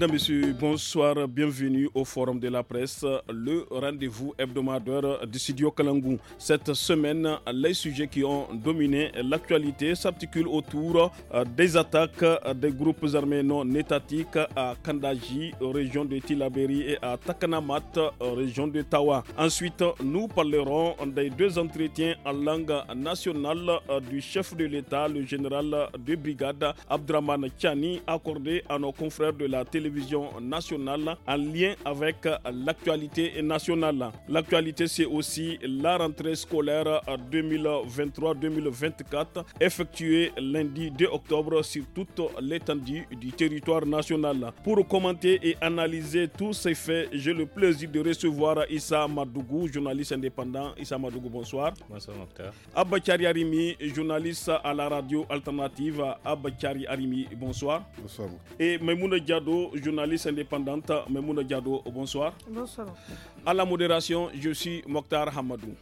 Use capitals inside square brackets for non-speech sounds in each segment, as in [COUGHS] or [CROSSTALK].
Mesdames, Messieurs, bonsoir, bienvenue au Forum de la presse, le rendez-vous hebdomadaire du studio Kalangou. Cette semaine, les sujets qui ont dominé l'actualité s'articulent autour euh, des attaques des groupes armés non étatiques à Kandaji, région de Tilaberi, et à Takanamat, région de Tawa. Ensuite, nous parlerons des deux entretiens en langue nationale euh, du chef de l'État, le général de brigade Abdraman Chani, accordé à nos confrères de la télévision télévision nationale en lien avec l'actualité nationale. L'actualité, c'est aussi la rentrée scolaire 2023-2024 effectuée lundi 2 octobre sur toute l'étendue du territoire national. Pour commenter et analyser tous ces faits, j'ai le plaisir de recevoir Issa Madougou, journaliste indépendant. Issa Madougou, bonsoir. Bonsoir, docteur. Arimi, journaliste à la radio alternative. Abba Arimi, bonsoir. Bonsoir. Et Maimouna Diado, journaliste indépendante Memouna Diado. Bonsoir. Bonsoir. À la modération, je suis Mokhtar Hamadou.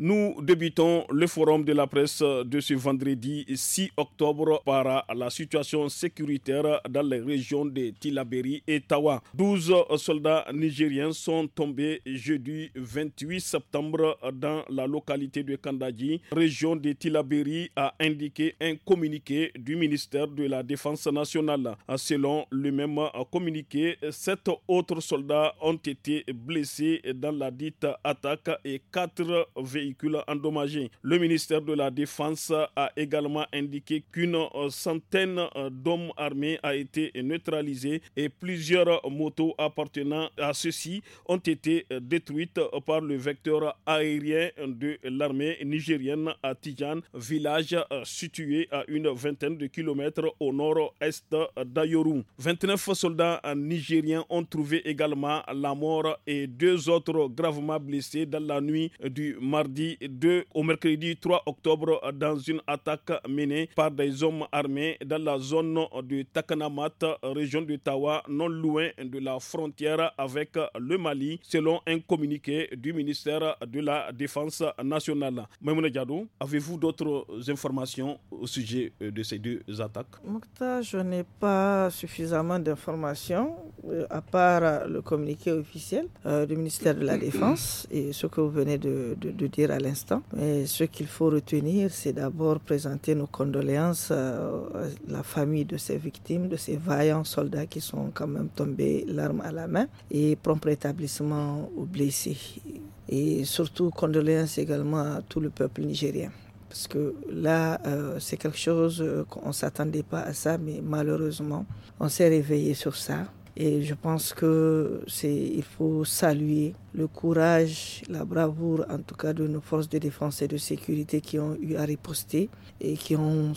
Nous débutons le forum de la presse de ce vendredi 6 octobre par la situation sécuritaire dans les régions de Tilaberi et Tawa. 12 soldats nigériens sont tombés jeudi 28 septembre dans la localité de Kandaji, région de Tilaberi, a indiqué un communiqué du ministère de la Défense nationale. Selon le même communiqué, sept autres soldats ont été blessés dans la dite attaque et 4 véhicules le ministère de la Défense a également indiqué qu'une euh, centaine euh, d'hommes armés a été neutralisée et plusieurs motos appartenant à ceux-ci ont été euh, détruites par le vecteur aérien de l'armée nigérienne à Tijan, village situé à une vingtaine de kilomètres au nord-est d'Ayoru. 29 soldats nigériens ont trouvé également la mort et deux autres gravement blessés dans la nuit du mardi au mercredi 3 octobre dans une attaque menée par des hommes armés dans la zone de Takanamat, région de non loin de la frontière avec le Mali, selon un communiqué du ministère de la Défense nationale. Maimouna Diadou, avez-vous d'autres informations au sujet de ces deux attaques Mokta, je n'ai pas suffisamment d'informations, euh, à part le communiqué officiel euh, du ministère de la mm-hmm. Défense et ce que vous venez de dire à l'instant. Mais ce qu'il faut retenir, c'est d'abord présenter nos condoléances euh, à la famille de ces victimes, de ces vaillants soldats qui sont quand même tombés l'arme à la main, et propre établissement aux blessés. Et surtout, condoléances également à tout le peuple nigérien parce que là, euh, c'est quelque chose qu'on ne s'attendait pas à ça, mais malheureusement, on s'est réveillé sur ça. Et je pense que c'est, il faut saluer le courage, la bravoure, en tout cas, de nos forces de défense et de sécurité qui ont eu à riposter et qui ont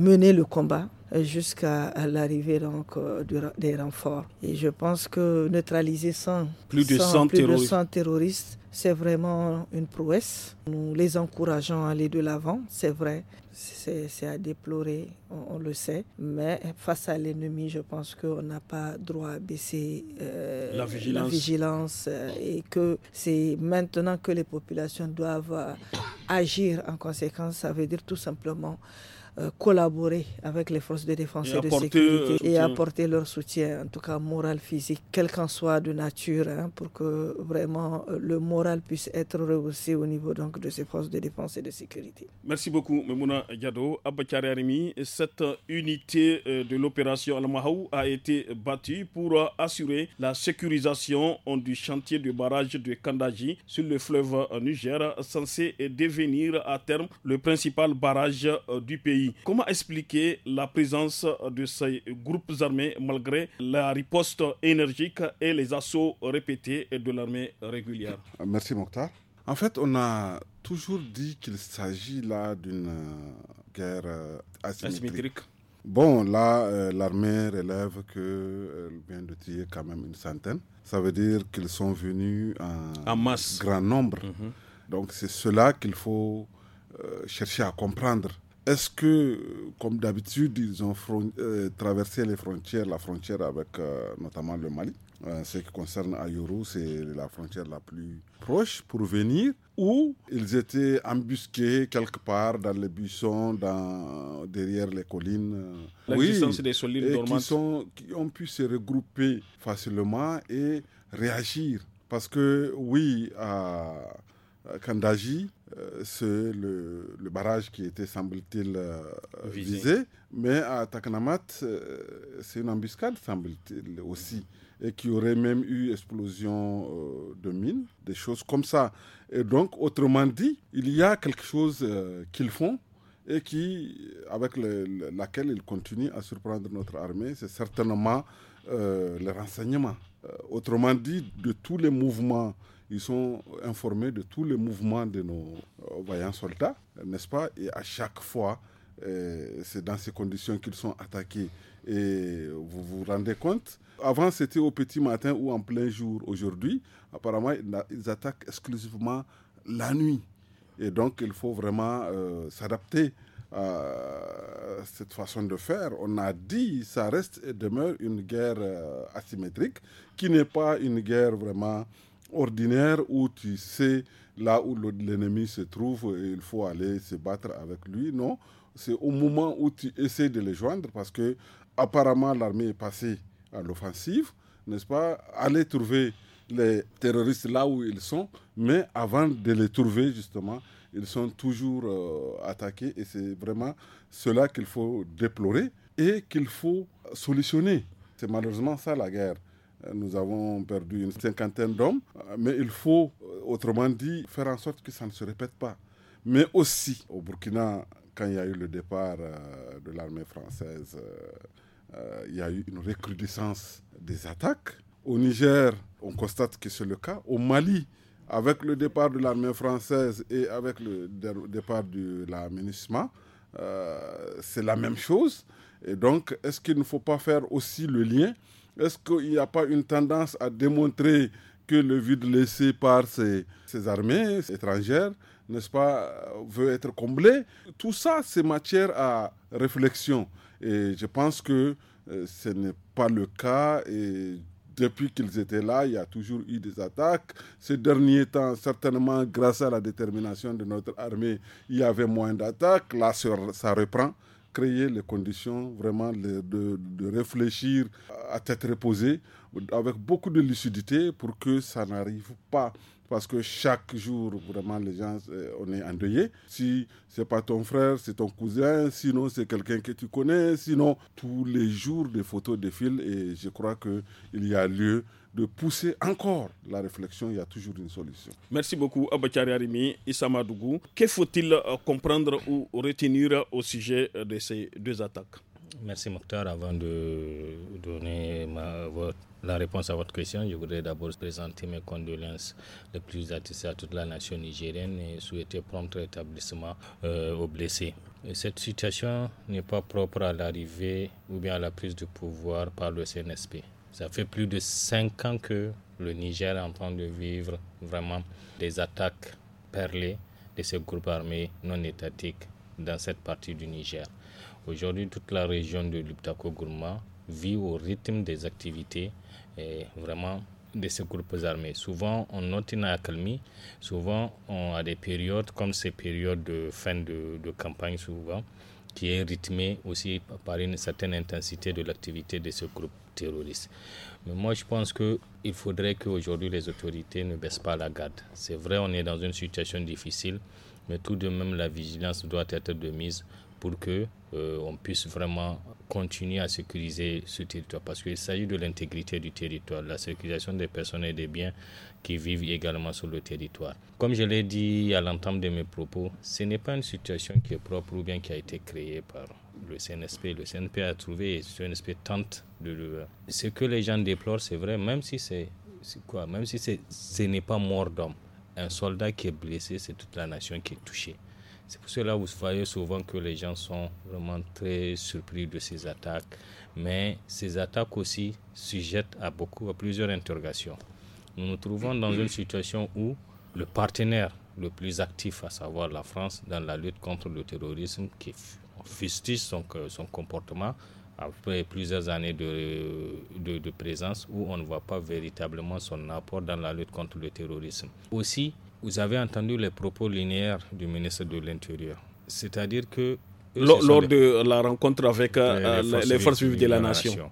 mené le combat jusqu'à l'arrivée donc euh, des renforts. Et je pense que neutraliser 100, plus de plus De 100 terroristes c'est vraiment une prouesse. Nous les encourageons à aller de l'avant, c'est vrai. C'est à déplorer, on, le sait. Mais face à l'ennemi, je pense qu'on n'a pas droit à baisser euh, la vigilance, euh, et que c'est maintenant que les populations doivent euh, agir en conséquence. Ça veut dire tout simplement euh, collaborer avec les forces de défense et, de euh, sécurité et apporter leur soutien, en tout cas moral, physique, quel qu'en soit de nature, hein, pour que vraiment euh, le moral puisse être rehaussé au niveau donc, de ces forces de défense et de sécurité. Merci beaucoup, Memouna Diado. Abba cette unité de l'opération Al-Mahou a été battue pour assurer la sécurisation du chantier du barrage de Kandaji sur le fleuve Niger, censé devenir à terme le principal barrage du pays. Comment expliquer la présence de ces groupes armés malgré la riposte énergique et les assauts répétés de l'armée régulière Merci Mokhtar. En fait, on a toujours dit qu'il s'agit là d'une euh, guerre euh, asymétrique. Bon, là, euh, l'armée relève qu'elle vient de tirer quand même une centaine. Ça veut dire qu'ils sont venus en, grand nombre. Mhm. Donc c'est cela qu'il faut chercher à comprendre. Est-ce que, comme d'habitude, ils ont euh, traversé les frontières, la frontière avec euh, notamment le Mali euh, ce qui concerne Ayuru, c'est la frontière la plus proche pour venir, Ou ils étaient embusqués quelque part dans les buissons, dans, derrière les collines. oui, des solides et qui ont pu se regrouper facilement et réagir. Parce que oui, à Kandaji, euh, c'est le, barrage qui était, semble-t-il, euh, euh, visé. Mais à Taknamat, c'est une embuscade, semble-t-il, aussi, et qui aurait même eu explosion de mines, des choses comme ça. Et donc, autrement dit, il y a quelque chose qu'ils font et qui, avec laquelle il continue à surprendre notre armée, c'est certainement euh, le renseignement. Euh, autrement dit, de tous les mouvements, ils sont informés de tous les mouvements de nos euh, voyants soldats, n'est-ce pas Et à chaque fois, euh, c'est dans ces conditions qu'ils sont attaqués. Et vous vous rendez compte Avant, c'était au petit matin ou en plein jour. Aujourd'hui, apparemment, ils attaquent exclusivement la nuit. Et donc, il faut vraiment euh, s'adapter à cette façon de faire. On a dit, ça reste et demeure une guerre euh, asymétrique qui n'est pas une guerre vraiment ordinaire où tu sais là où l'ennemi se trouve et il faut aller se battre avec lui. Non, c'est au moment où tu essaies de les joindre parce que apparemment l'armée est passée à l'offensive, n'est-ce pas Aller trouver les terroristes là où ils sont, mais avant de les trouver, justement, ils sont toujours euh, attaqués et c'est vraiment cela qu'il faut déplorer et qu'il faut solutionner. C'est malheureusement ça la guerre. Nous avons perdu une cinquantaine d'hommes, mais il faut, euh, autrement dit, faire en sorte que ça ne se répète pas. Mais aussi, au Burkina, quand il y a eu le départ euh, de l'armée française, il y a eu une recrudescence des attaques. Au Niger, on constate que c'est le cas. Au Mali, avec le départ de l'armée française et avec le départ de la euh, c'est la même chose. Et donc, est-ce qu'il ne faut pas faire aussi le lien Est-ce qu'il n'y a pas une tendance à démontrer que le vide laissé par ces, armées étrangères, n'est-ce pas, veut être comblé Tout ça, c'est matière à réflexion. Et je pense que euh, ce n'est pas le cas. Et depuis qu'ils étaient là, il y a toujours eu des attaques. Ces derniers temps, certainement grâce à la détermination de notre armée, il y avait moins d'attaques. Là, ça reprend. Créer les conditions vraiment de, réfléchir à tête reposée avec beaucoup de lucidité pour que ça n'arrive pas parce que chaque jour, vraiment, les gens, euh, on est endeuillés. Si ce n'est pas ton frère, c'est ton cousin, sinon c'est quelqu'un que tu connais, sinon tous les jours, des photos défilent et je crois qu'il y a lieu de pousser encore la réflexion, il y a toujours une solution. Merci beaucoup, Abachari Arimi, Issa Dougou. Que faut-il euh, comprendre ou retenir au sujet euh, de ces deux attaques Merci Mokhtar. Avant de donner la réponse à votre question, je voudrais d'abord présenter mes condoléances les plus attissées à toute la nation nigérienne et souhaiter prompt rétablissement euh, aux blessés. cette situation n'est pas propre à l'arrivée ou bien à la prise de pouvoir par le CNSP. Ça fait plus de cinq ans que le Niger est en train de vivre vraiment des attaques perlées de ces groupes armés non étatiques dans cette partie du Niger. Aujourd'hui, toute la région de Luptako gourma vit au rythme des activités et eh, vraiment de ces groupes armés. Souvent, on note une accalmie. Souvent, on a des périodes comme ces périodes de fin de, campagne, souvent, qui est rythmée aussi par une certaine intensité de l'activité de ce groupe terroriste. Mais moi, je pense qu'il faudrait qu'aujourd'hui, les autorités ne baissent pas la garde. C'est vrai, on est dans une situation difficile, mais tout de même, la vigilance doit être de mise pour que euh, on puisse vraiment continuer à sécuriser ce territoire. Parce qu'il s'agit de l'intégrité du territoire, la sécurisation des personnes et des biens qui vivent également sur le territoire. Comme je l'ai dit à l'entente de mes propos, ce n'est pas une situation qui est propre ou bien qui a été créée par le CNSP. Le CNP a trouvé et le CNSP tente de le... Ce que les gens déplorent, c'est vrai, même si c'est... Quoi Même si ce n'est pas mort d'homme. Un soldat qui est blessé, c'est toute la nation qui est touchée. C'est pour cela que vous voyez souvent que les gens sont vraiment très surpris de ces attaques. Mais ces attaques aussi sujettent à beaucoup, à plusieurs interrogations. Nous nous trouvons dans une situation où le partenaire le plus actif, à savoir la France, dans la lutte contre le terrorisme, qui fustige son, euh, son comportement, après plusieurs années de, de, de, présence où on ne voit pas véritablement son apport dans la lutte contre le terrorisme. Aussi, vous avez entendu les propos linéaires du ministre de l'Intérieur. C'est-à-dire que... lors, de la rencontre avec les, euh, forces, vives de, la, nation.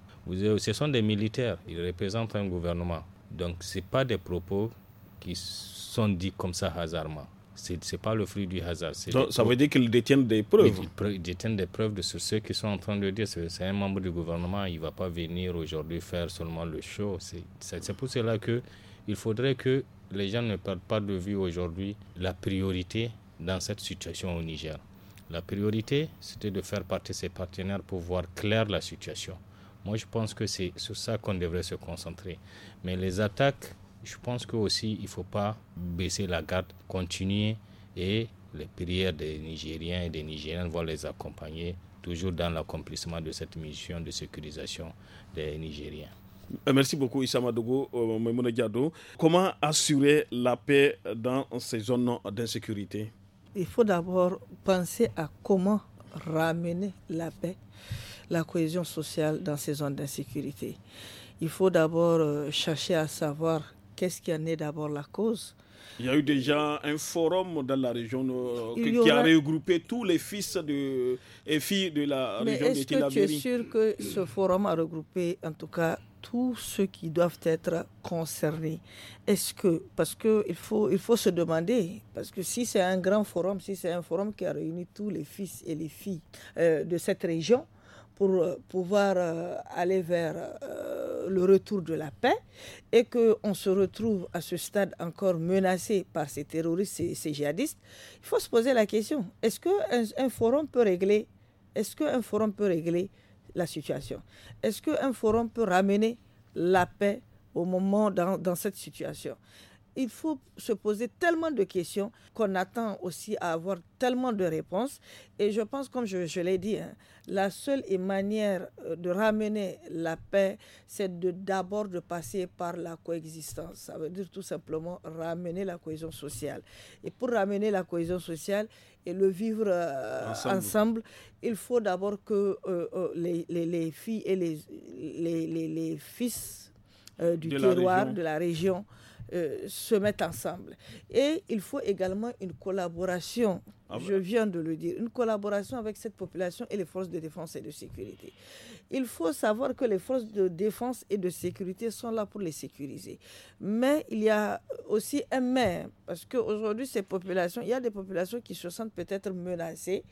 ce sont des militaires, ils représentent un gouvernement. Donc ce pas des propos qui sont dits comme ça hasardement. Ce n'est pas le fruit du hasard. ça veut dire qu'ils détiennent des preuves. Ils, détiennent des preuves de ce qu'ils sont en train de dire. C'est un membre du gouvernement, il ne va pas venir aujourd'hui faire seulement le show. C'est pour cela que il faudrait que les gens ne perdent pas de vue aujourd'hui la priorité dans cette situation au Niger. La priorité, c'était de faire partie ses partenaires pour voir clair la situation. Moi, je pense que c'est sur ça qu'on devrait se concentrer. Mais les attaques, je pense que aussi, il ne faut pas baisser la garde, continuer et les prières des Nigériens et des Nigériennes vont les accompagner toujours dans l'accomplissement de cette mission de sécurisation des Nigériens. Euh, merci beaucoup Issa Madogo, euh, Diado. Comment assurer la paix dans ces zones d'insécurité Il faut d'abord penser à comment ramener la paix, la cohésion sociale dans ces zones d'insécurité. Il faut d'abord euh, chercher à savoir qu'est-ce qui en est d'abord la cause. Il y a eu déjà un forum dans la région euh, qui, a regroupé tous les fils de, et filles de la région de Mais Est-ce que tu es sûr que ce forum a regroupé en tout cas tous ceux qui doivent être concernés Est-ce que, parce qu'il faut, il faut se demander, parce que si c'est un grand forum, si c'est un forum qui a réuni tous les fils et les filles euh, de cette région, pour euh, pouvoir euh, aller vers euh, le retour de la paix et qu'on se retrouve à ce stade encore menacé par ces terroristes, ces, ces djihadistes, il faut se poser la question, est-ce qu'un un forum peut régler Est-ce forum peut régler la situation Est-ce qu'un forum peut ramener la paix au moment dans cette situation il faut se poser tellement de questions qu'on attend aussi à avoir tellement de réponses. Et je pense, comme je, l'ai dit, hein, la seule manière euh, de ramener la paix, c'est d'abord de passer par la coexistence. Ça veut dire tout simplement ramener la cohésion sociale. Et pour ramener la cohésion sociale et le vivre euh, ensemble. il faut d'abord que euh, les, filles et les, les, fils du terroir, de la région, euh, se mettent ensemble. Et il faut également une collaboration, ah je viens de le dire, une collaboration avec cette population et les forces de défense et de sécurité. Il faut savoir que les forces de défense et de sécurité sont là pour les sécuriser. Mais il y a aussi un maire, parce qu'aujourd'hui, ces populations, il y a des populations qui se sentent peut-être menacées,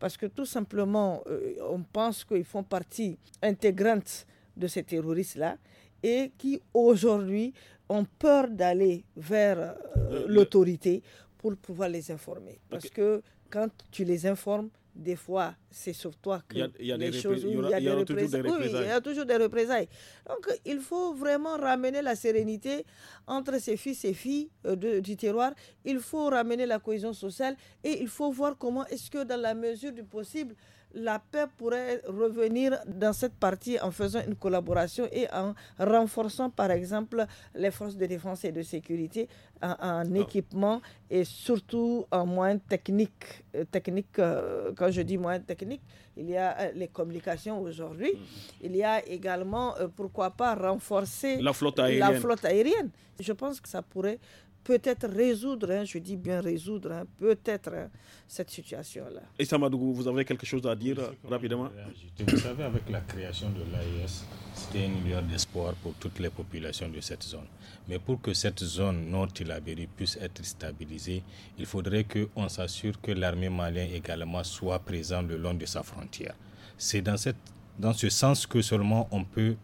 parce que tout simplement, euh, on pense qu'ils font partie intégrante de ces terroristes-là et qui aujourd'hui ont peur d'aller vers euh, euh, l'autorité pour pouvoir les informer. Parce que quand tu les informes, des fois, c'est sur toi que il y a, des représailles. il y a toujours des représailles. Donc, il faut vraiment ramener la sérénité entre ces fils et filles euh, du terroir. Il faut ramener la cohésion sociale et il faut voir comment est-ce que, dans la mesure du possible, la paix pourrait revenir dans cette partie en faisant une collaboration et en renforçant, par exemple, les forces de défense et de sécurité en, ah. équipement et surtout en moyens techniques. Euh, Technique, euh, quand je dis moyens techniques, il y a euh, les communications aujourd'hui. Mm. Il y a également, pourquoi pas, renforcer La flotte aérienne. Je pense que ça pourrait peut-être résoudre, hein, je dis bien résoudre, hein, peut-être hein, cette situation-là. Et vous avez quelque chose à dire rapidement Vous savez, avec la création de l'AIS, c'était une lueur d'espoir pour toutes les populations de cette zone. Mais pour que cette zone nord-Tilabéry puisse être stabilisée, il faudrait qu'on s'assure que l'armée malienne également soit présente le long de sa frontière. C'est dans ce sens que seulement on peut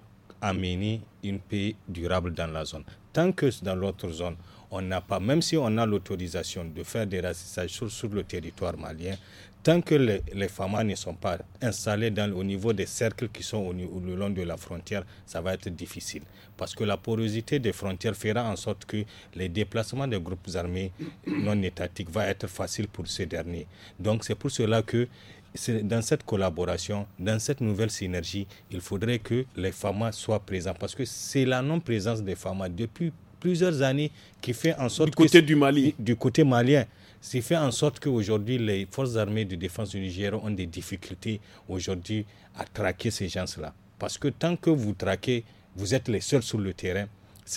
amener une paix durable dans la zone. Tant que dans l'autre zone, on n'a pas, même si on a l'autorisation de faire des racisages sur, le territoire malien, tant que les, les FAMA ne sont pas installés au niveau des cercles qui sont au, le long de la frontière, ça va être difficile. Parce que la porosité des frontières fera en sorte que les déplacements des groupes armés non étatiques va être facile pour ces derniers. Donc c'est pour cela que dans cette collaboration, dans cette nouvelle synergie, il faudrait que les FAMA soient présents parce que c'est la non-présence des FAMA depuis plusieurs années qui fait en sorte du côté du Mali du, côté malien c'est fait en sorte qu'aujourd'hui, les forces armées de défense du Niger ont des difficultés aujourd'hui à traquer ces gens-là. Parce que tant que vous traquez, vous êtes les seuls sur le terrain,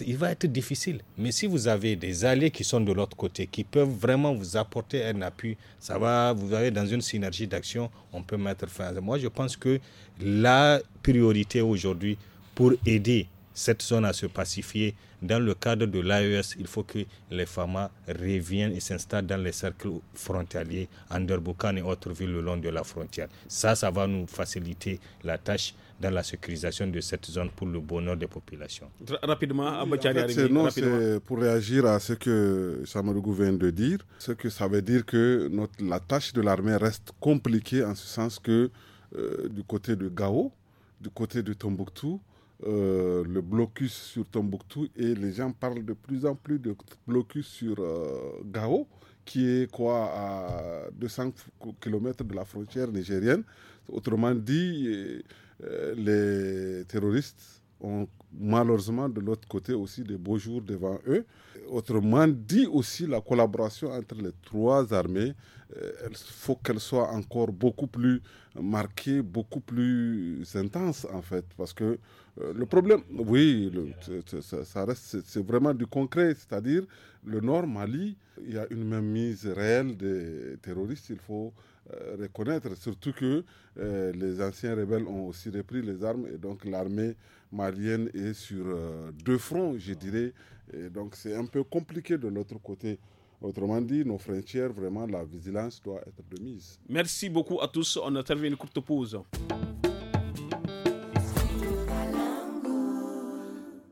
il va être difficile. Mais si vous avez des alliés qui sont de l'autre côté, qui peuvent vraiment vous apporter un appui, ça va, vous avez dans une synergie d'action, on peut mettre fin à Moi, je pense que la priorité aujourd'hui pour aider cette zone à se pacifier. Dans le cadre de l'AES, il faut que les FAMA reviennent et s'installent dans les cercles frontaliers, Anderboukan et autres villes le long de la frontière. Ça, ça va nous faciliter la tâche dans la sécurisation de cette zone pour le bonheur des populations. Rapidement, c'est pour réagir à ce que Samarugou vient de dire, ce que ça veut dire que la tâche de l'armée reste compliquée en ce sens que euh, du côté de Gao, du côté de Tombouctou, euh, le blocus sur Tombouctou et les gens parlent de plus en plus de blocus sur euh, Gao, qui est quoi à 200 km de la frontière nigérienne. Autrement dit, euh, les terroristes ont malheureusement de l'autre côté aussi des beaux jours devant eux. Autrement dit aussi, la collaboration entre les trois armées, il faut qu'elle soit encore beaucoup plus marquée, beaucoup plus intense en fait, parce que euh, le problème, oui, ça, reste, c'est vraiment du concret, c'est-à-dire le Nord Mali, il y a une mise réelle des terroristes, il faut euh, reconnaître, surtout que euh, les anciens rebelles ont aussi repris les armes et donc l'armée malienne est sur deux fronts, je dirais, et donc c'est un peu compliqué de l'autre côté. Autrement dit, nos frontières, vraiment, la vigilance doit être de mise. Merci beaucoup à tous. On a terminé une courte pause.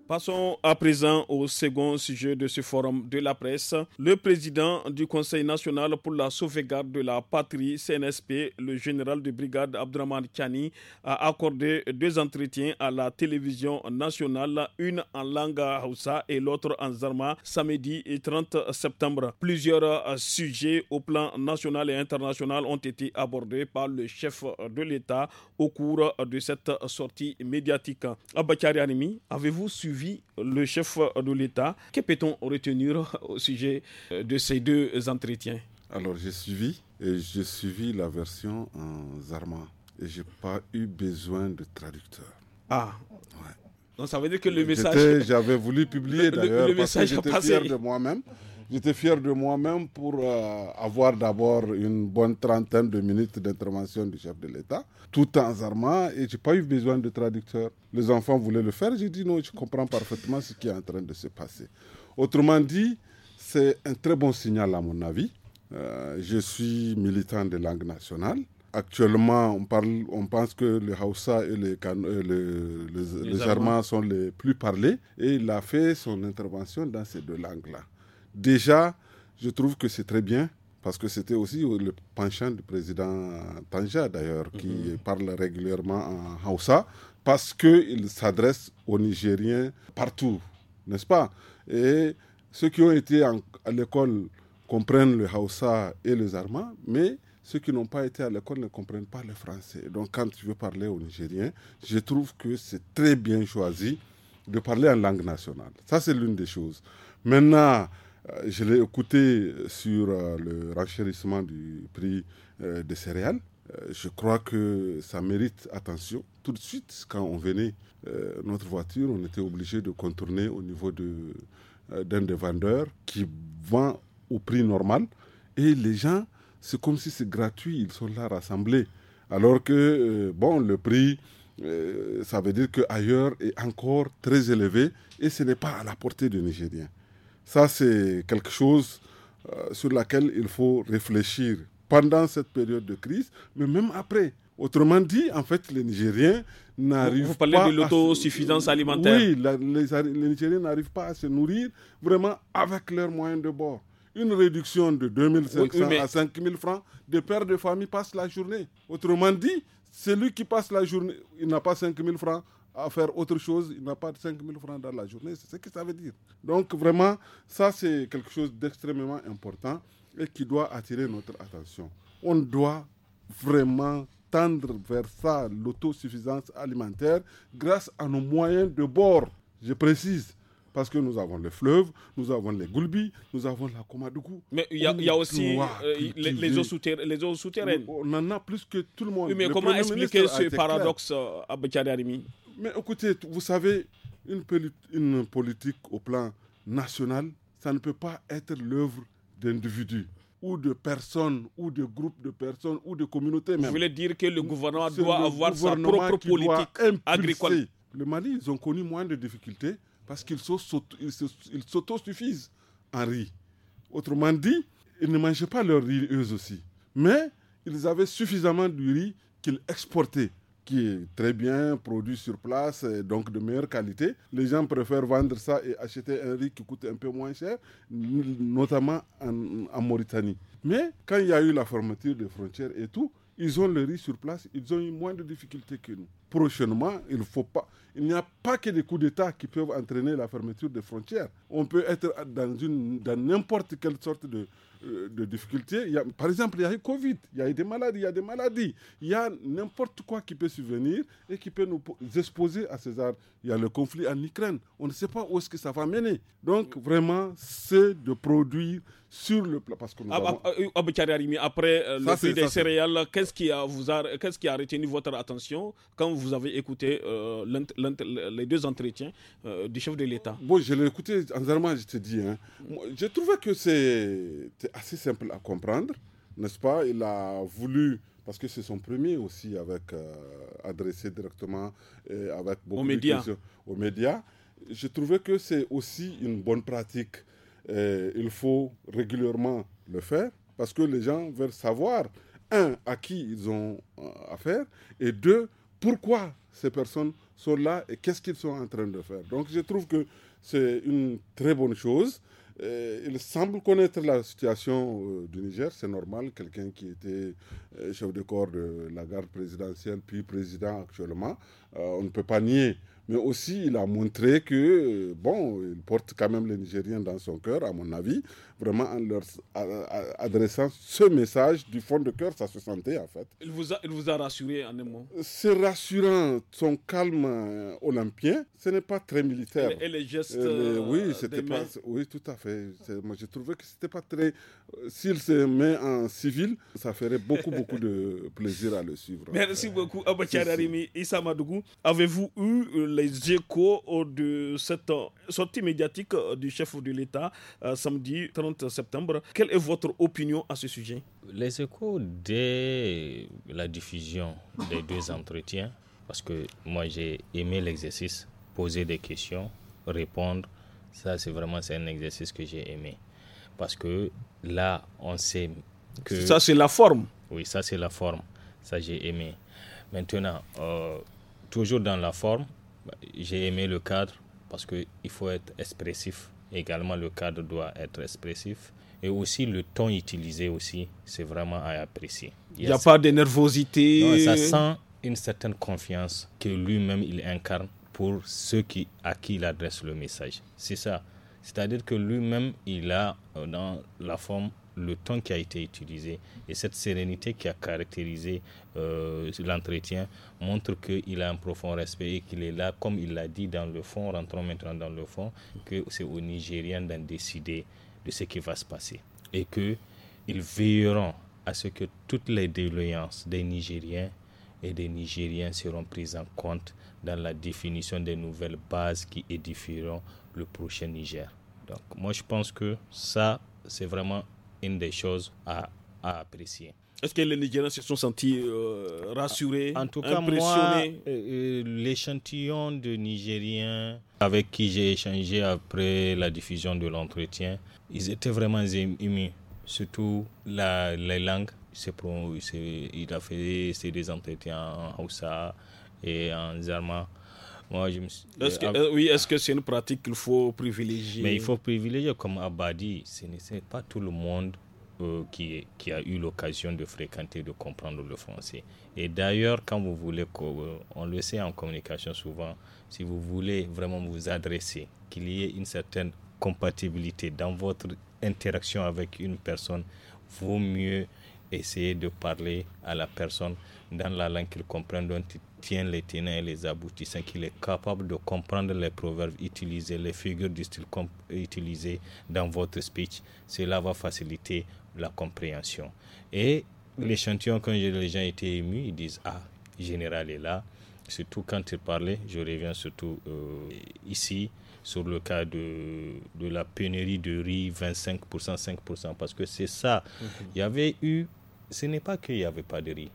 Passons à présent au second sujet de ce forum de la presse. Le président du Conseil national pour la sauvegarde de la patrie, CNSP, le général de brigade Abdraman Khani, a accordé deux entretiens à la télévision nationale, une en langue Hausa et l'autre en Zarma, samedi 30 septembre. Plusieurs sujets au plan national et international ont été abordés par le chef de l'État au cours de cette sortie médiatique. Abakari Animi, avez-vous su le chef de l'État. Que peut-on retenir au sujet euh, de ces deux entretiens Alors j'ai suivi et j'ai suivi la version en Zarma et j'ai pas eu besoin de traducteur. Ah. Donc ça veut dire que le message. J'avais voulu publier [LAUGHS] d'ailleurs parce que j'étais de moi-même. J'étais fier de moi-même pour euh, avoir d'abord une bonne trentaine de minutes d'intervention du chef de l'État, tout en armant, et j'ai pas eu besoin de traducteur. Les enfants voulaient le faire, j'ai dit non, je comprends parfaitement ce qui est en train de se passer. Autrement dit, c'est un très bon signal à mon avis. Euh, je suis militant de langue nationale actuellement, on, parle, on pense que le Hausa et les, euh, les, les, sont les plus parlés. Et il a fait son intervention dans ces deux langues-là. Déjà, je trouve que c'est très bien parce que c'était aussi le penchant du président Tanja d'ailleurs, qui mhm. parle régulièrement en Hausa, parce qu'il s'adresse aux Nigériens partout, n'est-ce pas Et ceux qui ont été à l'école comprennent le Hausa et les Armands, mais ceux qui n'ont pas été à l'école ne comprennent pas le français. Donc quand tu veux parler aux Nigériens, je trouve que c'est très bien choisi de parler en langue nationale. Ça, c'est l'une des choses. Maintenant, euh, je l'ai écouté sur euh, le rachérissement du prix euh, des céréales. je crois que ça mérite attention. Tout de suite, quand on venait, notre voiture, on était obligé de contourner au niveau d'un des vendeurs qui vend au prix normal. Et les gens, c'est comme si c'est gratuit, ils sont là rassemblés. Alors que, bon, le prix, ça veut dire qu'ailleurs est encore très élevé et ce n'est pas à la portée du Nigérien. Ça, c'est quelque chose euh, sur laquelle il faut réfléchir pendant cette période de crise, mais même après. Autrement dit, en fait, les Nigériens n'arrivent pas. Vous parlez de l'autosuffisance alimentaire. Oui, les, Nigériens n'arrivent pas à se nourrir vraiment avec leurs moyens de bord une réduction de 2500 à 5000 francs des pères de famille passent la journée. Autrement dit, celui qui passe la journée, il n'a pas 5000 francs, à faire autre chose, il n'a pas 5 000 francs dans la journée. C'est ce que ça veut dire. Donc vraiment, ça c'est quelque chose d'extrêmement important et qui doit attirer notre attention. On doit vraiment tendre vers ça, l'autosuffisance alimentaire, grâce à nos moyens de bord. Je précise, parce que nous avons les fleuves, nous avons les goulbis, nous avons la Komadougou. Mais il y, a aussi euh, les, eaux souterraines. On en a plus que tout le monde. mais comment expliquer ce paradoxe, à euh, Arimi mais écoutez, vous savez, une, une politique au plan national, ça ne peut pas être l'œuvre d'individus ou de personnes, ou de groupes de personnes, ou de communautés même. Vous dire que le gouvernement doit avoir sa propre politique agricole Le Mali, ils ont connu moins de difficultés parce qu'ils s'autosuffisent en riz. Autrement dit, ils ne mangeaient pas leur riz eux aussi. Mais ils avaient suffisamment de riz qu'ils exportaient qui est très bien produit sur place, euh, donc de meilleure qualité. Les gens préfèrent vendre ça et acheter un riz qui coûte un peu moins cher, notamment en, Mauritanie. Mais quand il y a eu la fermeture des frontières et tout, ils ont le riz sur place, ils ont eu moins de difficultés que nous. Prochainement, il faut pas, il n'y a pas que des coups d'État qui peuvent entraîner la fermeture des frontières. On peut être dans une, dans n'importe quelle sorte de, euh, de difficultés. Il par exemple, il y a eu Covid, il y a eu des maladies, il y a des maladies. Il y a n'importe quoi qui peut survenir et qui peut nous exposer à ces armes. Il y a le conflit en Ukraine. On ne sait pas où est-ce que ça va mener. Donc, vraiment, c'est de produire sur le plat, Parce que nous ah, avons... Ah, euh, après euh, le prix des céréales, qu'est-ce qui, a, vous a, qui a retenu votre attention quand vous avez écouté euh, les deux entretiens du chef de l'État Bon, je l'ai écouté, en je te dis. Hein. J'ai trouvé que c'est assez simple à comprendre, n'est-ce pas Il a voulu parce que c'est son premier aussi avec adressé directement avec beaucoup médias. aux médias. Je trouvais que c'est aussi une bonne pratique euh, il faut régulièrement le faire parce que les gens veulent savoir, un, à qui ils ont euh, affaire, et deux, pourquoi ces personnes sont là et qu'est-ce qu'ils sont en train de faire. Donc je trouve que c'est une très bonne chose. Euh, il semble connaître la situation du Niger, c'est normal, quelqu'un qui était chef de corps de la garde présidentielle, puis président actuellement. on ne peut pas nier mais aussi il a montré que, bon, il porte quand même les Nigériens dans son cœur, à mon avis, vraiment en leur adressant ce message du fond de cœur, ça se sentait en fait. Il vous a, il vous a rassuré en un mot C'est rassurant, son calme euh, olympien, ce n'est pas très militaire. Et, les gestes Oui, euh, c'était pas, oui, tout à fait. Moi, j'ai trouvé que c'était pas très. Euh, s'il se met en civil, ça ferait beaucoup, beaucoup de [LAUGHS] plaisir à le suivre. Merci beaucoup, Abba Arimi, Issa Madougou. Avez-vous eu les échos de cette sortie médiatique du chef de l'État euh, samedi 30 septembre. Quelle est votre opinion à ce sujet Les échos de la diffusion des deux entretiens, parce que moi j'ai aimé l'exercice, poser des questions, répondre, ça c'est vraiment un exercice que j'ai aimé. Parce que là, on sait que... Ça c'est la forme. Oui, ça c'est la forme. Ça j'ai aimé. Maintenant, euh, toujours dans la forme, bah, j'ai aimé le cadre parce qu'il faut être expressif. Également, le cadre doit être expressif. Et aussi, le ton utilisé aussi, c'est vraiment à apprécier. Il n'y a, pas de nervosité. ça sent une certaine confiance que lui-même, il incarne pour ceux qui, à qui il adresse le message. C'est ça. C'est-à-dire que lui-même, il a euh, dans la forme le temps qui a été utilisé et cette sérénité qui a caractérisé euh, l'entretien montre qu'il a un profond respect et qu'il est là, comme il l'a dit dans le fond, rentrons maintenant dans le fond, que c'est aux Nigériens d'en décider de ce qui va se passer et qu'ils veilleront à ce que toutes les déloyances des Nigériens et des Nigériens seront prises en compte dans la définition des nouvelles bases qui édifieront le prochain Niger. Donc moi je pense que ça, c'est vraiment une des choses à, apprécier. Est-ce que les Nigériens se sont sentis euh, rassurés En tout cas, euh, euh, l'échantillon de Nigériens avec qui j'ai échangé après la diffusion de l'entretien, ils étaient vraiment émus. Surtout la, langue, langues. Pour, il a fait des entretiens en Hausa et en Zarma. Moi, je me suis... Euh, euh, oui, est-ce que c'est une pratique qu'il faut privilégier Mais il faut privilégier, comme Abadi, ce n'est pas tout le monde euh, qui, qui a eu l'occasion de fréquenter, de comprendre le français. Et d'ailleurs, quand vous voulez, on le sait en communication souvent, si vous voulez vraiment vous adresser, qu'il y ait une certaine compatibilité dans votre interaction avec une personne, vaut mieux essayer de parler à la personne dans la langue qu'elle comprend, dont tient les tenants et les aboutissants, qu'il est capable de comprendre les proverbes utilisés, les figures du style utilisées dans votre speech. Cela va faciliter la compréhension. Et l'échantillon, quand les gens étaient émus, ils disent Ah, général est là. Surtout quand il parlait, je reviens surtout euh, ici sur le cas de, la pénurie de riz, 25%, 5%, parce que c'est ça. Mm-hmm. Il y avait eu, ce n'est pas qu'il n'y avait pas de riz,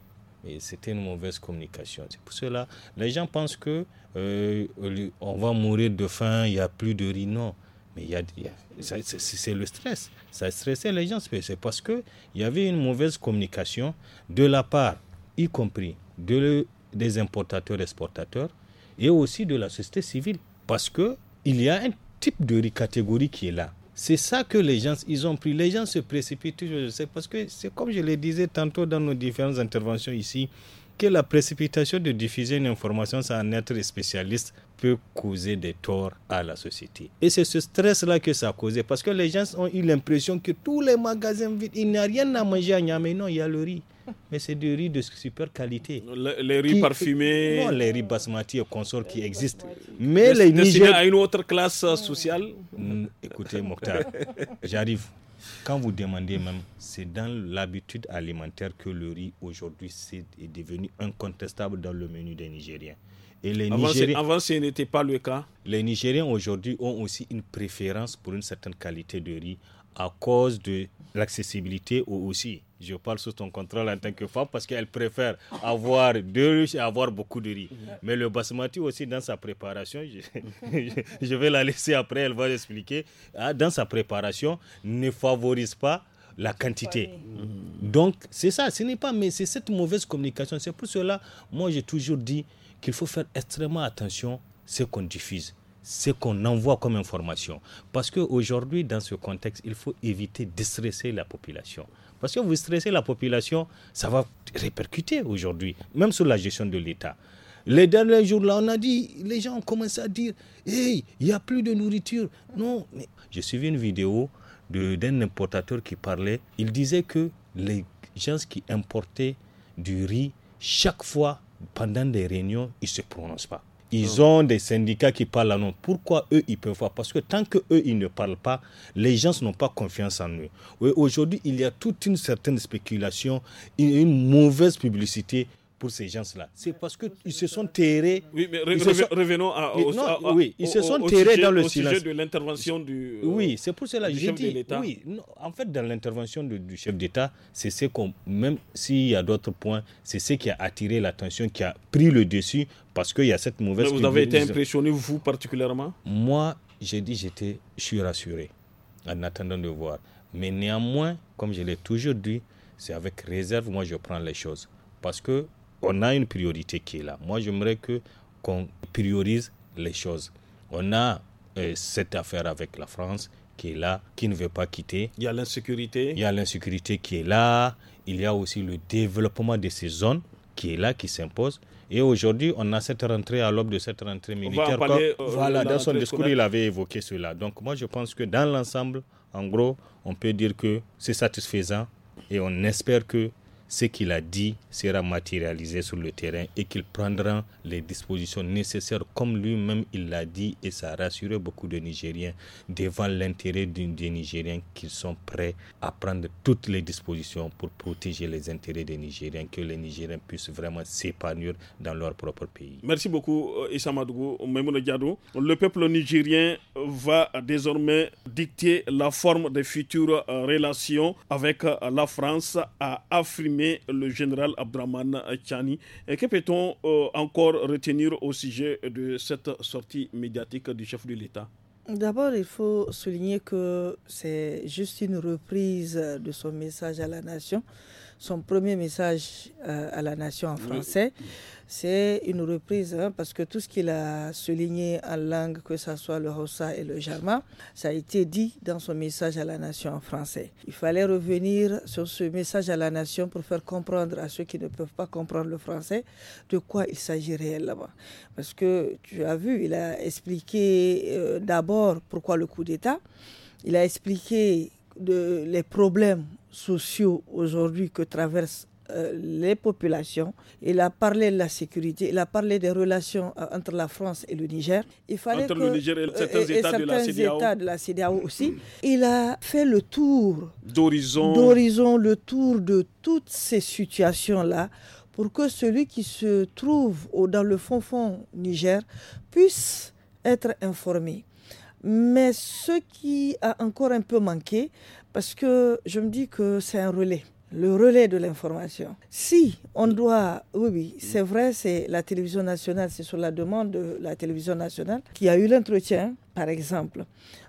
c'était une mauvaise communication. C'est pour cela, les gens pensent que euh, on va mourir de faim, il n'y a plus de riz. Non. Mais y a, c'est le stress. Ça stressé les gens. C'est parce qu'il y avait une mauvaise communication de la part, y compris de, des importateurs, et exportateurs, et aussi de la société civile. Parce qu'il y a un type de riz catégorie qui est là. C'est ça que les gens, ils ont pris. Les gens se précipitent toujours, je sais, parce que c'est comme je le disais tantôt dans nos différentes interventions ici, que la précipitation de diffuser une information sans être spécialiste peut causer des torts à la société. Et c'est ce stress-là que ça a causé, parce que les gens ont eu l'impression que tous les magasins vides, il n'y a rien à manger à non, il y a le riz. Mais c'est du riz de super qualité. Le, les riz parfumé parfumés. Non, les riz basmati et consorts qui existent. Mais les Niger... à une autre classe sociale Écoutez, Mokhtar, j'arrive. Quand vous demandez même, c'est dans l'habitude alimentaire que le riz aujourd'hui est, est, devenu incontestable dans le menu des Nigériens. Et les Nigériens, avant, ce n'était pas le cas. Les Nigériens aujourd'hui ont aussi une préférence pour une certaine qualité de riz à cause de l'accessibilité ou aussi. Je parle sous ton contrôle en tant que femme parce qu'elle préfère avoir deux ruches et avoir beaucoup de riz. Mais le basmati aussi, dans sa préparation, je, [LAUGHS] vais la laisser après, elle va l'expliquer, ah, dans sa préparation, ne favorise pas la quantité. Mm-hmm. Donc, c'est ça, ce n'est pas, mais c'est cette mauvaise communication. C'est pour cela, moi, j'ai toujours dit qu'il faut faire extrêmement attention à ce qu'on diffuse ce qu'on envoie comme information. Parce qu'aujourd'hui, dans ce contexte, il faut éviter de stresser la population. Parce que vous stressez la population, ça va répercuter aujourd'hui, même sur la gestion de l'État. Les derniers jours, là, on a dit, les gens ont commencé à dire, hey, il n'y a plus de nourriture. Non, mais j'ai suivi une vidéo d'un importateur qui parlait. Il disait que les gens qui importaient du riz, chaque fois, pendant des réunions, ils ne se prononcent pas. Ils ont des syndicats qui parlent à nous. Pourquoi eux, ils peuvent voir Parce que tant que eux, ils ne parlent pas, les gens n'ont pas confiance en eux. Aujourd'hui, il y a toute une certaine spéculation, une mauvaise publicité pour ces gens-là. C'est parce qu'ils se sont terrés. Oui, mais revenons au, oui, ils se sont terrés dans le au Sujet de l'intervention du. Euh, oui, c'est pour cela. J'ai dit. Oui, en fait, dans l'intervention du, chef d'État, c'est ce qu'on. Même s'il y a d'autres points, c'est ce qui a attiré l'attention, qui a pris le dessus, parce qu'il y a cette mauvaise. vous avez été impressionné, vous particulièrement Moi, j'ai dit, j'étais, je suis rassuré en attendant de voir. Mais néanmoins, comme je l'ai toujours dit, c'est avec réserve, moi, je prends les choses. Parce que on a une priorité qui est là. Moi, j'aimerais qu'on priorise les choses. On a euh, cette affaire avec la France qui est là, qui ne veut pas quitter. Il y a l'insécurité. Il y a l'insécurité qui est là. Il y a aussi le développement de ces zones qui est là, qui s'impose. Et aujourd'hui, on a cette rentrée à l'aube de cette rentrée militaire. Euh, voilà, dans son discours, il avait évoqué cela. Donc moi, je pense que dans l'ensemble, en gros, on peut dire que c'est satisfaisant et on espère que ce qu'il a dit sera matérialisé sur le terrain et qu'il prendra les dispositions nécessaires comme lui-même il l'a dit et ça a rassuré beaucoup de Nigériens devant l'intérêt des Nigériens qu'ils sont prêts à prendre toutes les dispositions pour protéger les intérêts des Nigériens, que les Nigériens puissent vraiment s'épanouir dans leur propre pays. Merci beaucoup euh, Issa Madougou, Le peuple nigérien va désormais dicter la forme des futures euh, relations avec euh, la France à affirmer mais le général Abdraman Tchani. que peut-on euh, encore retenir au sujet de cette sortie médiatique du chef de l'État D'abord, il faut souligner que c'est juste une reprise de son message à la nation son premier message euh, à la nation en français. C'est une reprise, hein, parce que tout ce qu'il a souligné en langue, que ce soit le Hausa et le Jarma, ça a été dit dans son message à la nation en français. Il fallait revenir sur ce message à la nation pour faire comprendre à ceux qui ne peuvent pas comprendre le français de quoi il s'agit réellement. Parce que tu as vu, il a expliqué euh, d'abord pourquoi le coup d'État. Il a expliqué de, les problèmes sociaux aujourd'hui que traversent euh, les populations. Il a parlé de la sécurité, il a parlé des relations euh, entre la France et le Niger. Il fallait que, le Niger et certains, états, de la CDAO aussi. Il a fait le tour d'horizon, le tour de toutes ces situations-là pour que celui qui se trouve dans le fond fond Niger puisse être informé. Mais ce qui a encore un peu manqué, parce que je me dis que c'est un relais le relais de l'information. Si on doit, oui, oui, c'est vrai, c'est la télévision nationale, c'est sur la demande de la télévision nationale qui a eu l'entretien, par exemple.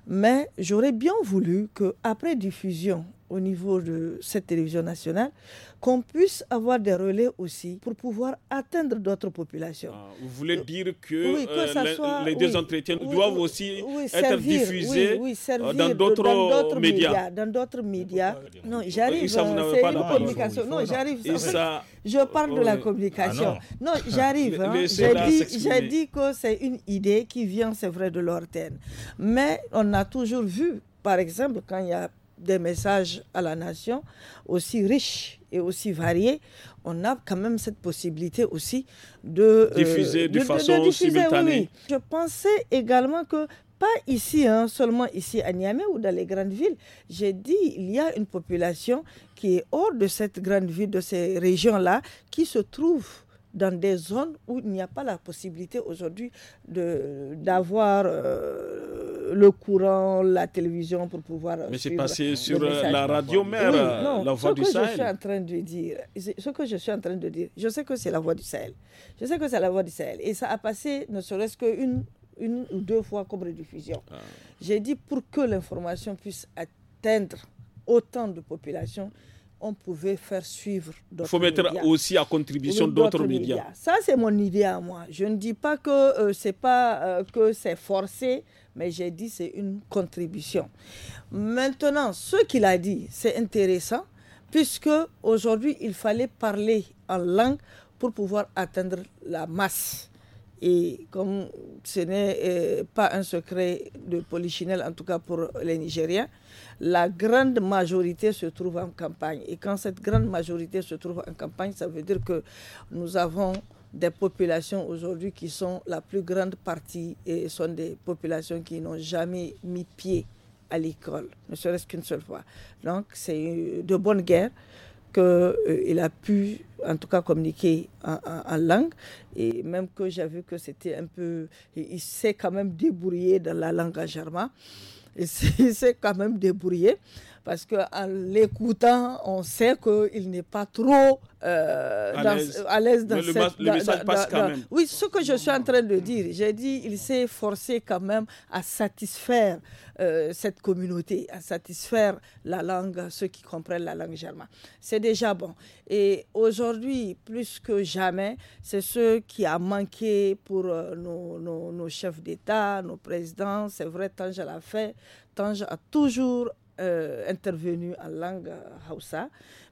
Mais j'aurais bien voulu que après diffusion au niveau de cette télévision nationale, qu'on puisse avoir des relais aussi pour pouvoir atteindre d'autres populations. Ah, vous voulez euh, dire que, euh, les, deux entretiens doivent aussi être diffusés euh, dans d'autres médias. Dans d'autres médias. Non, j'arrive. C'est une communication. Non, j'arrive. Je parle de la communication. Ah non, j'arrive. Hein. J'ai dit, que c'est une idée qui vient, c'est vrai, de l'Orten. Mais on a toujours vu par exemple, quand il y a des messages à la nation aussi riches et aussi variés, on a quand même cette possibilité aussi de euh, diffuser de, façon Je pensais également que pas ici, hein, seulement ici à Niamey ou dans les grandes villes. J'ai dit, il y a une population qui est hors de cette grande ville, de ces régions-là, qui se trouve dans des zones où il n'y a pas la possibilité aujourd'hui d'avoir euh, le courant, la télévision pour pouvoir. Euh, Mais c'est passé sur euh, la radio mère, la voix du Sahel. Ce que je suis en train de dire, ce que je suis en train de dire, je sais que c'est la voix du Sahel. Je sais que c'est la voix du Sahel. Et ça a passé ne serait-ce qu'une une ou deux fois comme rediffusion. Ah. J'ai dit pour que l'information puisse atteindre autant de populations, on pouvait faire suivre Il faut mettre aussi à contribution d'autres médias. Ça, c'est mon idée à moi. Je ne dis pas que euh, c'est pas euh, que c'est forcé, mais j'ai dit c'est une contribution. Maintenant, ce qu'il a dit, c'est intéressant puisque aujourd'hui, il fallait parler en langue pour pouvoir atteindre la masse. Et comme ce n'est euh, pas un secret de Polichinelle, en tout cas pour les Nigériens, la grande majorité se trouve en campagne. Et quand cette grande majorité se trouve en campagne, ça veut dire que nous avons des populations aujourd'hui qui sont la plus grande partie et sont des populations qui n'ont jamais mis pied à l'école, ne serait-ce qu'une seule fois. Donc c'est de bonne guerre qu'il euh, a pu, en tout cas, communiquer en, langue. Et même que j'ai vu que c'était un peu. Il s'est quand même débrouillé dans la langue germain. Il s'est quand même débrouillé parce qu'en l'écoutant, on sait qu'il n'est pas trop euh, à l'aise dans, message quand même. Oui, ce que je suis en train de dire, j'ai dit, il s'est forcé quand même à satisfaire euh, cette communauté, à satisfaire la langue, ceux qui comprennent la langue germane. C'est déjà bon. Et aujourd'hui, plus que jamais, c'est ce qui a manqué pour euh, nos, nos, chefs d'État, nos présidents. C'est vrai, Tange l'a fait. Tange a toujours euh, intervenu en langue Hausa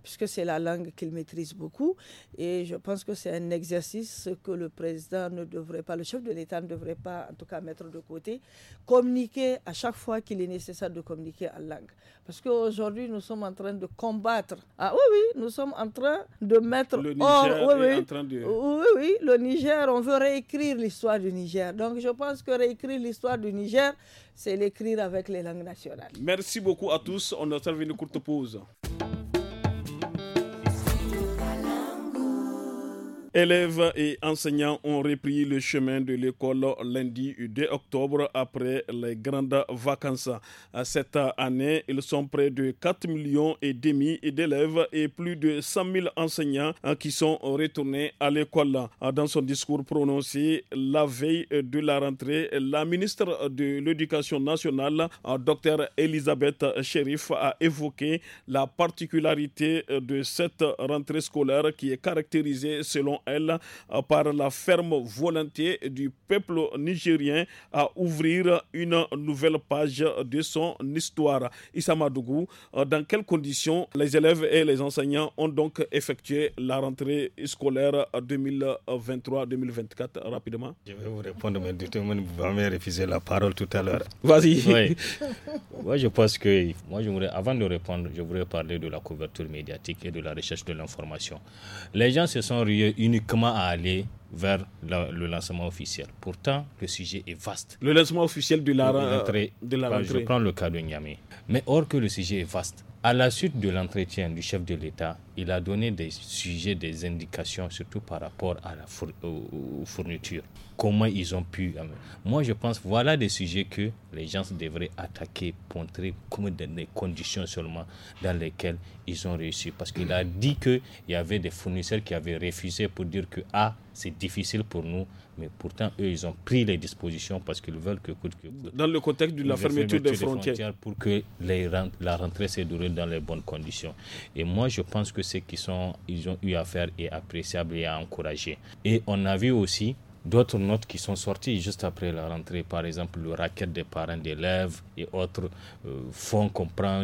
puisque c'est la langue qu'il maîtrise beaucoup. Et je pense que c'est un exercice que le président ne devrait pas, le chef de l'État ne devrait pas en tout cas mettre de côté. Communiquer à chaque fois qu'il est nécessaire de communiquer en langue. Parce qu'aujourd'hui, nous sommes en train de combattre. Ah oui, oui, nous sommes en train de mettre... Le Niger oui, Oui, oui, le Niger, on veut réécrire l'histoire du Niger. Donc je pense que réécrire l'histoire du Niger, c'est l'écrire avec les langues nationales. Merci beaucoup à tous. On a servi une courte pause. Élèves et enseignants ont repris le chemin de l'école lundi 2 octobre après les grandes vacances. Cette année, ils sont près de 4 millions et demi d'élèves et plus de 100 000 enseignants qui sont retournés à l'école. Dans son discours prononcé la veille de la rentrée, la ministre de l'Éducation nationale, Dr Elisabeth Sherif, a évoqué la particularité de cette rentrée scolaire qui est caractérisée selon elle, euh, par la ferme volonté du peuple nigérien à ouvrir une nouvelle page de son histoire. Issa Madougou, euh, dans quelles conditions les élèves et les enseignants ont donc effectué la rentrée scolaire 2023-2024 rapidement Je vais vous répondre, mais tout le refuser la parole tout à l'heure. Vas-y. Oui. [LAUGHS] moi, je pense que, moi, je voudrais, avant de répondre, je voudrais parler de la couverture médiatique et de la recherche de l'information. Les gens se sont réunis Comment à aller vers le lancement officiel. Pourtant, le sujet est vaste. Le lancement officiel de la, de la Je prends le cas de Niamey. Mais or que le sujet est vaste, à la suite de l'entretien du chef de l'État, il a donné des sujets, des indications, surtout par rapport à la fourniture aux fournitures comment ils ont pu. Euh, moi, je pense voilà des sujets que les gens devraient attaquer, pontrer comme des conditions seulement dans lesquelles ils ont réussi. Parce qu'il a dit qu'il y avait des fournisseurs qui avaient refusé pour dire que ah, c'est difficile pour nous, mais pourtant eux, ils ont pris les dispositions parce qu'ils veulent que Dans le contexte de la fermeture, des, frontières. pour que les la rentrée se déroule dans les bonnes conditions. Et moi, je pense que ce qu'ils sont, ils ont eu à faire est appréciable et à encourager. Et on a vu aussi d'autres notes qui sont sorties juste après la rentrée, par exemple le racket des parents d'élèves et autres, fonds qu'on prend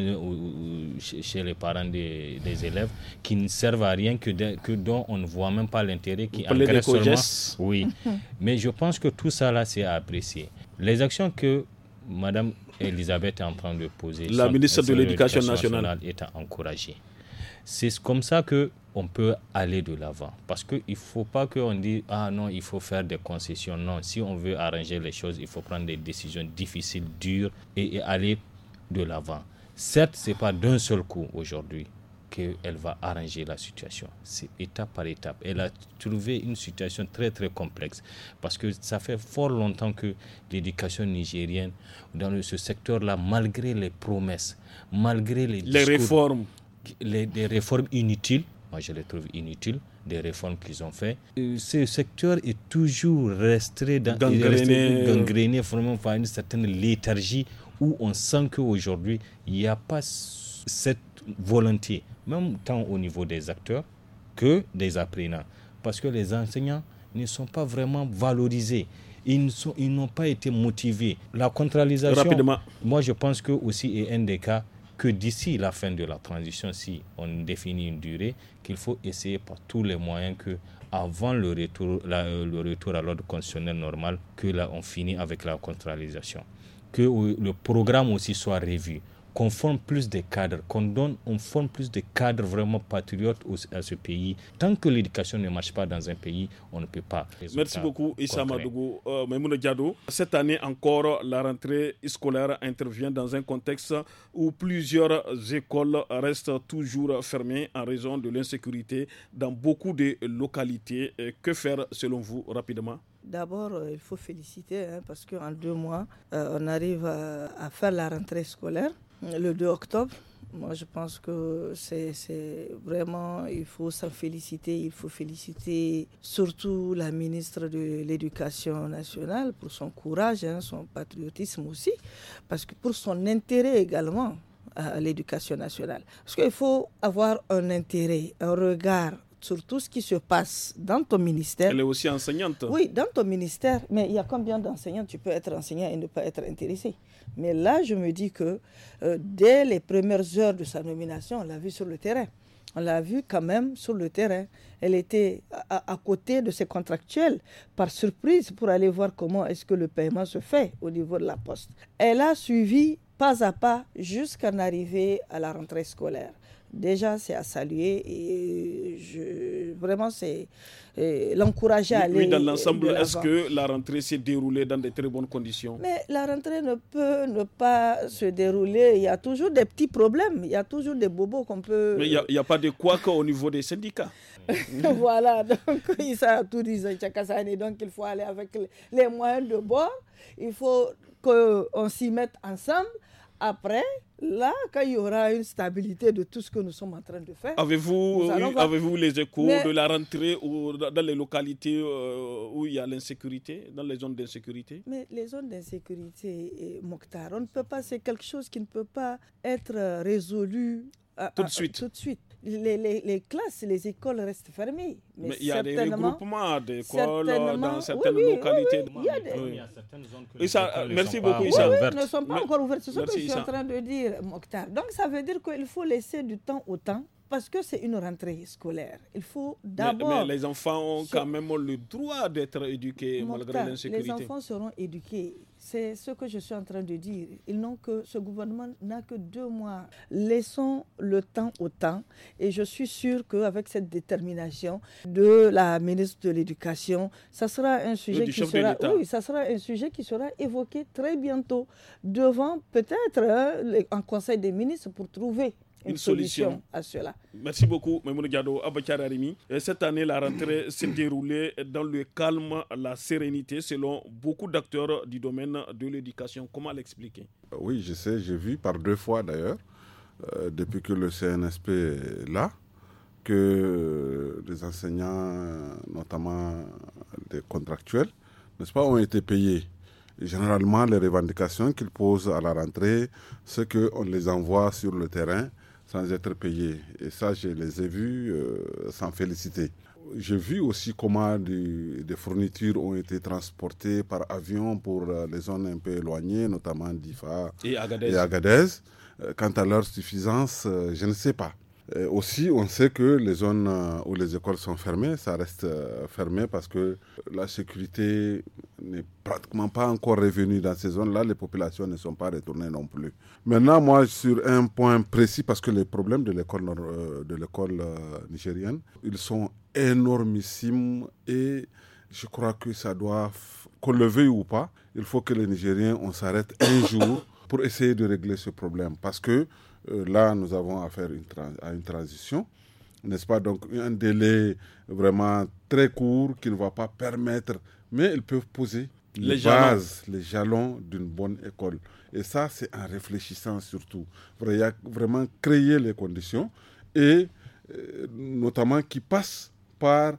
chez les parents des, élèves qui ne servent à rien, que, que dont on ne voit même pas l'intérêt, qui agressent Oui, [LAUGHS] mais je pense que tout ça là, c'est à apprécier. Les actions que Madame Elisabeth est en train de poser, la ministre de l'Éducation nationale. est encouragée. C'est comme ça que on peut aller de l'avant. Parce qu'il ne faut pas qu'on dise, ah non, il faut faire des concessions. Non, si on veut arranger les choses, il faut prendre des décisions difficiles, dures et, aller de l'avant. Certes, ce n'est pas d'un seul coup aujourd'hui qu'elle va arranger la situation. C'est étape par étape. Elle a trouvé une situation très très complexe parce que ça fait fort longtemps que l'éducation nigérienne, dans ce secteur-là, malgré les promesses, malgré les, les réformes, les réformes inutiles, moi, je les trouve inutiles, des réformes qu'ils ont faites. Euh, ce secteur est toujours resté dans, gangréné, par une certaine léthargie où on sent qu'aujourd'hui, il n'y a pas cette volonté, même tant au niveau des acteurs que des apprenants. Parce que les enseignants ne sont pas vraiment valorisés. Ils, n'ont pas été motivés. La contralisation, moi je pense que aussi est un des cas que d'ici la fin de la transition, si on définit une durée, qu'il faut essayer par tous les moyens que avant le retour, euh, le retour à l'ordre constitutionnel normal, que là on finit avec la contralisation. Que euh, le programme aussi soit revu qu'on forme plus de cadres, qu'on donne, on forme plus de cadres vraiment patriotes à ce pays. Tant que l'éducation ne marche pas dans un pays, on ne peut pas. Merci beaucoup, Issa Euh, Diado, cette année encore, la rentrée scolaire intervient dans un contexte où plusieurs écoles restent toujours fermées en raison de l'insécurité dans beaucoup de localités. que faire selon vous rapidement D'abord, euh, il faut féliciter hein, parce qu'en deux mois, euh, on arrive euh, à faire la rentrée scolaire le 2 octobre. Moi, je pense que c'est vraiment, il faut s'en féliciter. Il faut féliciter surtout la ministre de l'Éducation nationale pour son courage, hein, son patriotisme aussi, parce que pour son intérêt également à l'éducation nationale. Parce qu'il faut avoir un intérêt, un regard sur tout ce qui se passe dans ton ministère. Elle est aussi enseignante. Oui, dans ton ministère. Mais il y a combien d'enseignants Tu peux être enseignant et ne pas être intéressé. Mais là, je me dis que euh, dès les premières heures de sa nomination, on l'a vue sur le terrain. On l'a vu quand même sur le terrain. Elle était à, côté de ses contractuels par surprise pour aller voir comment est-ce que le paiement se fait au niveau de la poste. Elle a suivi pas à pas jusqu'à arriver à la rentrée scolaire déjà, c'est à saluer. Et je, vraiment, c'est euh, l'encourager à aller. Oui, dans l'ensemble, est-ce que la rentrée s'est déroulée dans de très bonnes conditions Mais la rentrée ne peut ne pas se dérouler. Il y a toujours des petits problèmes. Il y a toujours des bobos qu'on peut. Mais il n'y a, pas de quoi qu'au niveau des syndicats. [LAUGHS] voilà, donc [LAUGHS] ils savent tout dit, donc il faut aller avec les moyens de bord. Il faut qu'on s'y mette ensemble après, là, quand il y aura une stabilité de tout ce que nous sommes en train de faire. Avez-vous avez-vous les échos de la rentrée ou dans les localités euh, où il y a l'insécurité, dans les zones d'insécurité Mais les zones d'insécurité, Mokhtar, on ne peut pas, c'est quelque chose qui ne peut pas être résolu euh, tout de euh, suite. tout de suite les, les, classes, les écoles restent fermées. Mais, il y a des regroupements d'écoles euh, dans certaines oui, oui, localités. Oui, il, y il, y a certaines zones que les merci ne sont pas Ouvertes. ne sont pas encore ouvertes. C'est ce que je suis en train de dire, Mokhtar. Donc, ça veut dire qu'il faut laisser du temps au temps parce que c'est une rentrée scolaire. Il faut d'abord. Mais, les enfants ont quand même le droit d'être éduqués malgré l'insécurité. Les enfants seront éduqués. C'est ce que je suis en train de dire. Ils n'ont que ce gouvernement n'a que deux mois. Laissons le temps au temps. Et je suis sûre qu'avec cette détermination de la ministre de l'Éducation, ça sera un sujet qui sera, oui, ça sera un sujet qui sera évoqué très bientôt devant peut-être un hein, conseil des ministres pour trouver une, solution. à cela. Merci beaucoup, Mme Diado. cette année, la rentrée [COUGHS] s'est déroulée dans le calme, la sérénité, selon beaucoup d'acteurs du domaine de l'éducation. Comment l'expliquer euh, Oui, je sais, j'ai vu par deux fois d'ailleurs, euh, depuis que le CNSP est là, que les euh, enseignants, notamment des contractuels, n'est-ce pas, ont été payés généralement les revendications qu'ils posent à la rentrée, c'est qu'on les envoie sur le terrain sans être payés. Et ça, je les ai vus euh, sans féliciter. J'ai vu aussi comment des fournitures ont été transportées par avion pour euh, les zones un peu éloignées, notamment d'IFA et Agadez. Euh, quant à leur suffisance, je ne sais pas. Euh, aussi, on sait que les zones euh, où les écoles sont fermées, ça reste euh, fermé parce que la sécurité n'est pratiquement pas encore revenue dans ces zones-là. Les populations ne sont pas retournées non plus. Maintenant, moi, sur un point précis, parce que les problèmes de l'école de l'école nigérienne, ils sont énormissimes et je crois que ça doit, qu'on le veuille ou pas, il faut que les Nigériens, on s'arrête un jour pour essayer de régler ce problème. Parce que euh, là, nous avons affaire à une transition, n'est-ce pas Donc, un délai vraiment très court qui ne va pas permettre, mais ils peuvent poser les, bases, les jalons d'une bonne école. Et ça, c'est en réfléchissant surtout. Vraiment créer les conditions et euh, notamment qui passent par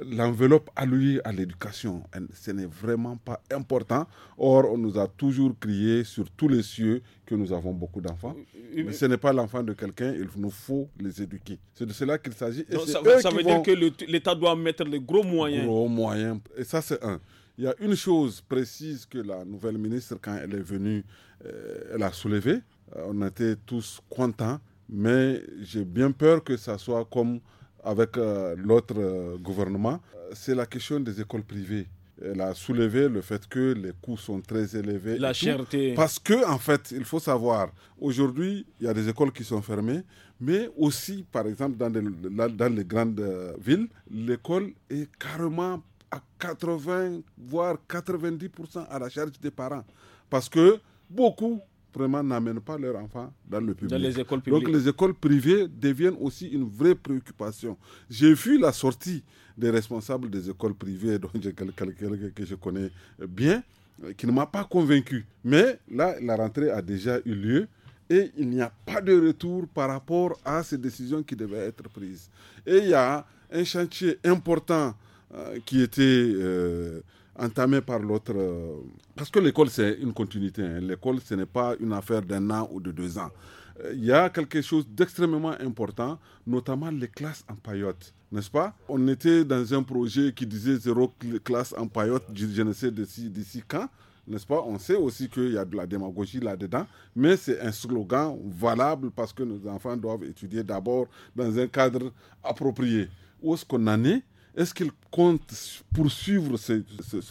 l'enveloppe allouée à l'éducation, ce n'est vraiment pas important. Or, on nous a toujours crié sur tous les cieux que nous avons beaucoup d'enfants. Euh, mais euh, ce n'est pas l'enfant de quelqu'un, il nous faut les éduquer. C'est de cela qu'il s'agit. Ça, veut dire que l'État doit mettre les gros moyens. Gros moyens. Et ça, c'est un. Il y a une chose précise que la nouvelle ministre, quand elle est venue, euh, elle a soulevée. on était tous contents, mais j'ai bien peur que ça soit comme avec euh, l'autre euh, gouvernement, c'est la question des écoles privées. Elle a soulevé le fait que les coûts sont très élevés. La cherté. Parce que, en fait, il faut savoir, aujourd'hui, il y a des écoles qui sont fermées, mais aussi, par exemple, dans dans les grandes euh, villes, l'école est carrément à 80, voire 90% à la charge des parents. Parce que beaucoup vraiment n'amènent pas leurs enfants dans le public. Dans les écoles Donc les écoles privées deviennent aussi une vraie préoccupation. J'ai vu la sortie des responsables des écoles privées, [LAUGHS] dont j'ai quelqu'un que je connais bien, qui ne m'a pas convaincu. Mais là, la rentrée a déjà eu lieu et il n'y a pas de retour par rapport à ces décisions qui devaient être prises. Et il y a un chantier important euh, qui était... Euh, entamé par l'autre. Euh, parce que l'école, c'est une continuité. Hein. L'école, ce n'est pas une affaire d'un an ou de deux ans. Euh, il y a quelque chose d'extrêmement important, notamment les classes en paillotte n'est-ce pas On était dans un projet qui disait zéro classe en paillote, je ne sais d'ici quand, n'est-ce pas On sait aussi qu'il y a de la démagogie là-dedans, mais c'est un slogan valable parce que nos enfants doivent étudier d'abord dans un cadre approprié. Où est-ce qu'on en est est-ce qu'il compte poursuivre ce,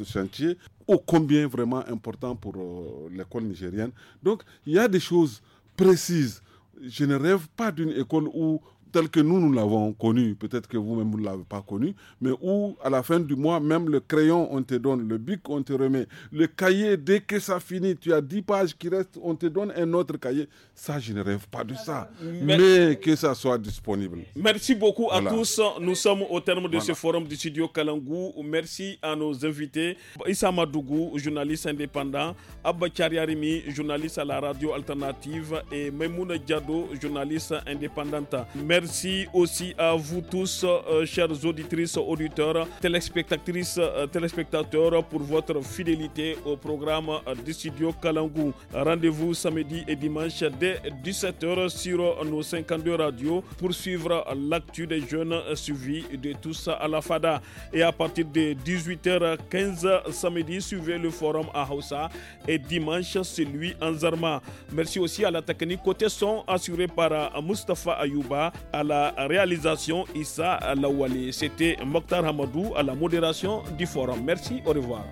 chantier Ou combien vraiment important pour euh, l'école nigérienne Donc, il y a des choses précises. Je ne rêve pas d'une école où tel que nous, nous l'avons connu, peut-être que vous-même, vous ne l'avez pas connu, mais où, à la fin du mois, même le crayon, on te donne, le bic, on te remet, le cahier, dès que ça finit, tu as 10 pages qui restent, on te donne un autre cahier. Ça, je ne rêve pas de ça, mais, que ça soit disponible. Merci beaucoup à tous. Nous sommes au terme de ce forum du studio Kalangou. Merci à nos invités. Issa Madougou, journaliste indépendant, Abba Kariarimi, journaliste à la radio alternative, et Memouna Diado, journaliste indépendante. Merci Merci aussi à vous tous, euh, chers auditrices, auditeurs, téléspectatrices, euh, téléspectateurs, pour votre fidélité au programme du studio Kalangou. Rendez-vous samedi et dimanche dès 17h sur nos 52 radios pour suivre l'actu des jeunes suivis de tous à la FADA. Et à partir de 18h15 samedi, suivez le forum à Hausa et dimanche celui en Zarma. Merci aussi à la technique côté son assurée par Mustapha Ayouba à la réalisation Issa Lawali. C'était Mokhtar Hamadou à la modération du forum. Merci, au revoir.